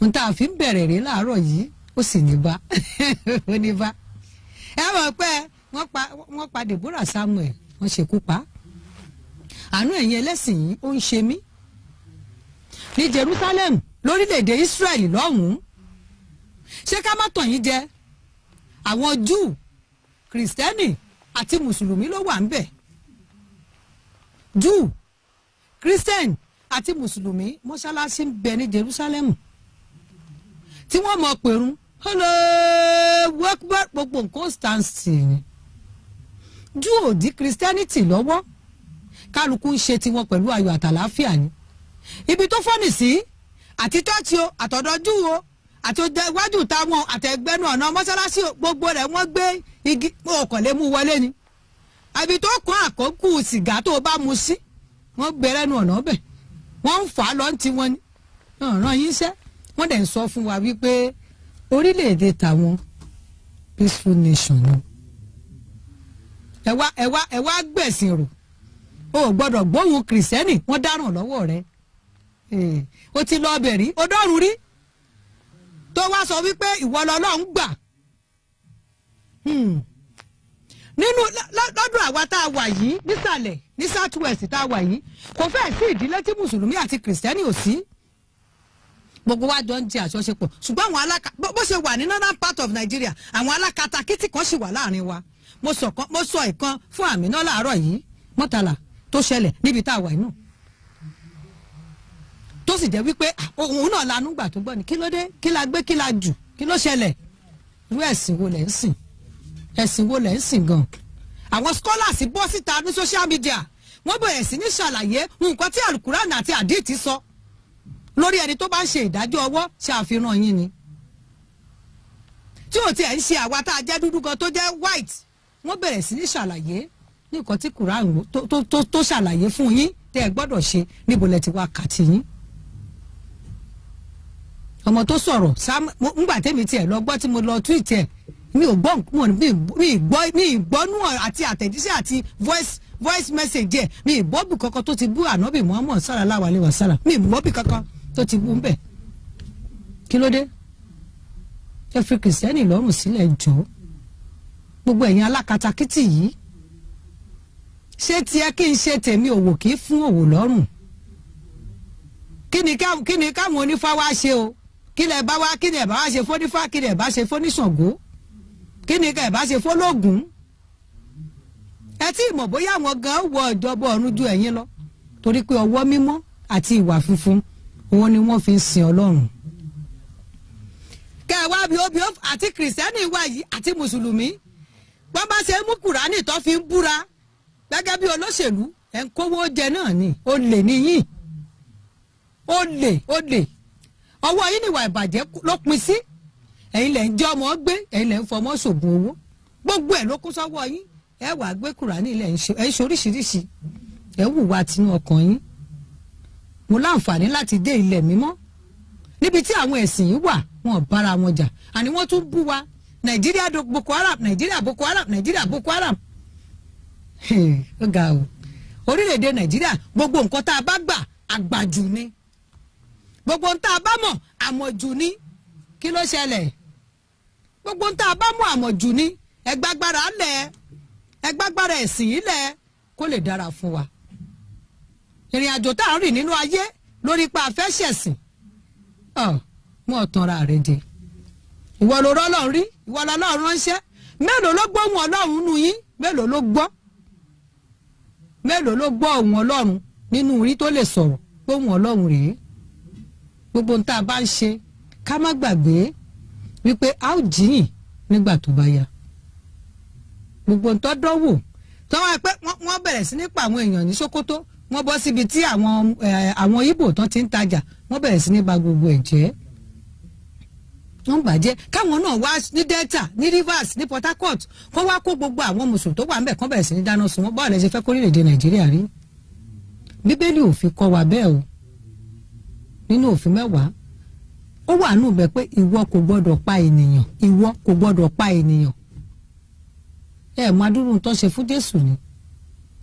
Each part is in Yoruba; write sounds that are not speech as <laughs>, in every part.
n tá a fi ń bẹ̀rẹ̀ rè láàárọ̀ yìí ó sì ní bá <laughs> ó ní bá ẹ mọ̀ pé wọ́n pa wọ́n pa Deborah Samuel wọ́n ṣekú pa àánú ẹ̀yin ẹlẹ́sìn yìí ó ń ṣe mí ní Jerusalem lórílẹ̀‐èdè Israel lọ́hùn-ún ṣé ká má tàn yín jẹ àwọn Júù Kristẹni àti Mùsùlùmí ló wà ń bẹ̀ Júù Kristẹni àti Mùsùlùmí mọ́ṣáláṣí ń bẹ ní Jerusalem tí wọ́n mọ̀ pẹ̀rún ọ̀nà wọ́pẹ́ gbogbo nǹkan stansi ni jù òdì christianity lọ́wọ́ kálukú ń ṣe tiwọn pẹ̀lú ayọ̀ àtàlàáfíà ni ibi tó fọ́nì sí àti tọ́ọ̀tì o àtọ̀dọ́jú o àti iwájú táwọn àtẹ̀gbẹ́nu ọ̀nà mọ́ṣáláṣí gbogbo rẹ̀ wọ́n gbé igi ọ̀kọ̀lẹ́mú wọlé ni àbí tó kọ́ àkókò sìgá tó bá mu sí wọ́n gbé lẹ́nu ọ̀nà bẹ̀ wọ́n ń fà á lọ́ntì wọn ni ọ̀ràn yín sẹ́ẹ́ wọ́n dẹ̀ ń sọ fún wa wípé orílẹ̀-èdè tàwọn peaceful nation ni ẹ wá ẹ wá ẹ wá gbẹ̀sìn rò o ò gbọ́dọ̀ gbóhùn kìrìsẹ́nì wọ́n dáràn lọ́wọ́ rẹ o ti lọ ọbẹ̀ rí o dọ́rùn rí tó wá sọ wípé ìwọ lọ́lọ́run gbà hmm. nínú lọ́dún àwa tá a wà yìí nísàlẹ̀ ní south west tá a wà yìí kò fẹ́ẹ̀ sí ìdílé tí mùsùlùmí àti kìrìsìtẹ́nì ò sí. Si gbogbo wa jọ ń di àjọṣepọ̀ ṣùgbọ́n àwọn aláka bó ṣe wà ní northern part of Nigeria àwọn alákatakítí kan ṣì wà láàrin wa mo sọ kan mo sọ ìkan fún Àmínà láàárọ̀ yìí mọ́tàlá tó ṣẹlẹ̀ níbi tá a wà inú tó sì jẹ́ wípé òun náà lanú gbà tó gbọ́ ni kí ló dé kí la gbé kí la jù kí ló ṣẹlẹ̀ irú ẹ̀sìn wo lẹ̀ ń sìn ẹ̀sìn wo lẹ̀ ń sìn gan àwọn scholars bọ́ síta ní social media wọ́n bẹ̀rẹ̀ sí ní ṣàlàyé nǹkan tí alukuran àti àdìtì sọ. So lórí ẹni tó bá ń ṣe ìdájọ́ ọwọ́ ṣe àfihàn yín ni tí ò tiẹ̀ ń ṣe àwa tá a jẹ́ dúdú gan tó jẹ́ white wọ́n bẹ̀rẹ̀ sí ní ṣàlàyé ní nǹkan tí Quran tó ṣàlàyé fún yín tẹ́ ẹ gbọ́dọ̀ ṣe níbo lẹ ti wá kà tí yín. ọmọ tó sọ̀rọ̀ ngbà tẹ́mi tiẹ̀ lọ gbọ́ tí mo lọ tweet ẹ̀ mi ò gbọ́ mi gbọ́ mi gbọ́nú àti àtẹ̀jíṣẹ́ àti voice voice message ẹ̀ mi ìgbọ́ bì kankan tó ti bú ànábì Muhammad sallallahu alaihi wasallam mi ìgbọ́ bì kankan tó ti wú bẹ̀ kí ló dé ẹ fi kìrìsìtẹ́nì lọ́rùn sílẹ̀ jọ gbogbo ẹ̀yin alákatakítí yìí ṣé tiẹ̀ kí n ṣe tèmi òwò kì fún òwò lọ́rùn kí ni káwọn onífá wá ṣe o kí lẹ̀ bá wá kí ni ẹ̀ bá wá ṣe fónífá kí ni ẹ̀ bá ṣe fóníṣàngó kí ni ẹ̀ bá ṣe fólógùn ẹ tí ìmọ̀ bóyá àwọn gan wọ ìjọba ọ̀run ju ẹ̀yin lọ torí pé ọwọ́ mímọ́ àti ìwà funfun òun ni wọ́n fi ń sin ọlọ́run. kẹwàá bíóbíó àti kìrìsìtẹ́nì wà yìí àti mùsùlùmí wọ́n bá ṣe mú kùránì tó fi ń búra gẹ́gẹ́ bí olóṣèlú ẹ̀ ń kówó jẹ náà ni ó lè níyìn ó lè ó lè ọwọ́ yín níwà ìbàjẹ́ ló pin sí ẹ̀yin lẹ̀ ń jẹ́ ọmọ gbé ẹ̀yin lẹ̀ ń fọmọ́ ṣògùn owó gbogbo ẹ̀ ló kún sọ́wọ́ yín ẹ wàá gbé kùránì lẹ̀ ń ṣe oríṣiríṣi ẹ wùwà tinú ọkàn yín mo láǹfààní láti dé ilẹ̀ mímọ́ níbi tí àwọn ẹ̀sìn yìí wà wọn bára wọn jà àní wọ́n tún bú wa nàìjíríà boko haram nàìjíríà boko haram nàìjíríà boko haram ó ga o orílẹ̀-èdè nàìjíríà gbogbo nǹkan tá a bá gbà àgbàjù ni gbogbo nǹkan tá a bá mọ̀ àmọ̀jù ni kí ló ṣẹlẹ̀ gbogbo nǹkan tá a bá mọ̀ àmọ̀jù ni ẹgbàgbára lẹ̀ ẹgbàgbára ẹ̀sìn yìí lẹ̀ kó lè dára fún wa ìrìn àjò tá à ń rìn nínú ayé lórí pa àfẹ́ ṣẹ̀sìn mọ́ ọ̀tanra rẹ̀ jẹ ìwọ ló rọ́lọ́run rí ìwọ lọ́lọ́run ránṣẹ́ mélòó ló gbọ́ ohùn ọlọ́run nù yín mélòó ló gbọ́ mélòó ló gbọ́ ohùn ọlọ́run nínú orí tó lè sọ̀rọ̀ gbóhùn ọlọ́run rèé gbogbo ohun tá a bá ń ṣe ká má gbàgbé wípé a ó jíyìn nígbà tó bá yá gbogbo ohun tó dánwò tó wá pé wọ́n bẹ̀rẹ̀ sí ní pa àwọn èèyàn ní Sókótó wọ́n bọ́ síbi tí àwọn àwọn ibo tán ti ń tajà wọ́n bẹ̀rẹ̀ sí ní ba gbogbo ẹ̀ jẹ́ wọ́n bàjẹ́ káwọn náà wá ní Delta ní Rivers ní Port Harcourt kó wá kó gbogbo àwọn mùsùlùmí tó wà ńbẹ̀ kán bẹ̀rẹ̀ sí ní dáná sun wọ́n báwo lẹ ṣe fẹ́ kó orílẹ̀-èdè Nàìjíríà rí Bíbélì ò fi kọ́ wa bẹ́ẹ̀ o nínú òfin mẹ́wàá ó wà nù bẹ́ẹ̀ pé ìwọ kò gbọ́dọ̀ pa ènìyàn ìwọ kò gbọ́dọ̀ pa ènìyàn ẹ mọ adúrú tó ṣe fún Jésù ni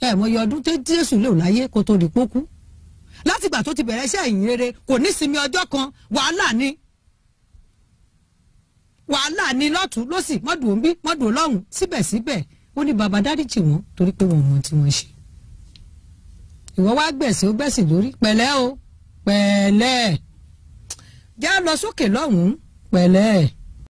ẹ mọ iye ọdún tó jésù lò láyé kó tó di pókú látìgbà tó ti bẹ̀rẹ̀ iṣẹ́ ìyìn rere kò ní sinmi ọjọ́ kan wàhálà ni wàhálà ni lọ́tún lọ́sì mọ́dùn bí mọ́dùn lọ́hùn síbẹ̀síbẹ̀ ó ní bàbá dáríjì wọn torí pé wọn mọ tí wọ́n ṣe ìwọ wá gbẹ̀sìn ó gbẹ̀sìn lórí pẹ̀lẹ́ o pẹ̀lẹ́ jẹ́ lọ sókè lọ́hùn-ún pẹ̀lẹ́.